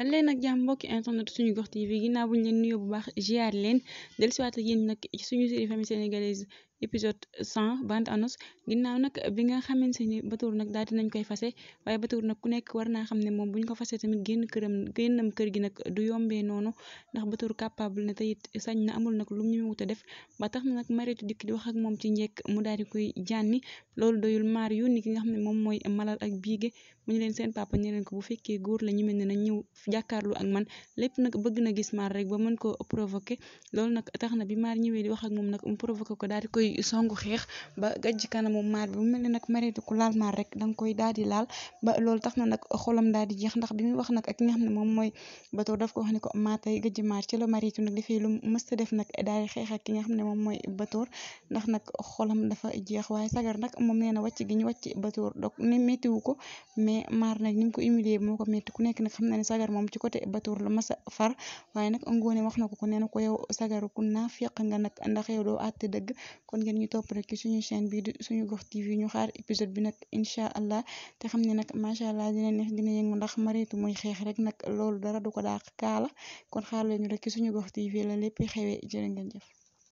dal leen ak jàmm mbokki internet suñu gox tv ginnaaw buñ leen nuyoo bu baax ziar leen dellusiwaat ak yéen nag suñu série famille sénégalaise épisode 100 bande annonce ginnaaw nag bi nga xamante ni Batour nag daal dinañ koy fase waaye Batour nag ku nekk war naa xam ne moom bu ñu ko fase tamit génn këram kër gi nag du yombee noonu ndax Batour capable na te sañ na amul nag lu mu ñëwut a def ba tax na nag Mariétou dikk di wax ak moom ci njekk mu daal di koy jànni loolu doyul maar yu ni ki nga xam ne moom mooy malal ak biige mu ñu leen seen papa ñu leen ko bu fekkee góor la ñu mel ne ak man lépp nag bëgg na gis maar rek ba na bi maar ñëwee di wax ak moom nag mu provoqué ko ngay songu xeex ba gàjj kanamu maar bi mu mel ne nag mareetu ku laal maar rek da nga koy daal di laal ba loolu tax na nag xolam daal di jeex ndax bi muy wax nag ak ki nga xam la mareetu nag dafay lu mësta def nag ndax nag xolam dafa jeex waaye sagar nag moom nee na wàcc gi ñu wàcc bateau donc ko mais maar nag ni mu ko humilier moo ko métti ku nekk nag na ne sagar moom ci côté bateau la mas a far waaye nag ngoone wax na ko ko nee na ko yow sagar ku naa feq nga nag ndax yow doo àtte kon ngeen topp rek suñu chaîne bi di suñu gox TV ñu xaar épisode bi nag incha allah te xam ne nag macha allah dina neex dina yëngu ndax maritu muy xeex rek nag loolu dara du ko dàq kaala kon xaar leen ñu rek suñu gox TV la lépp xewee jërë ngeen jëf.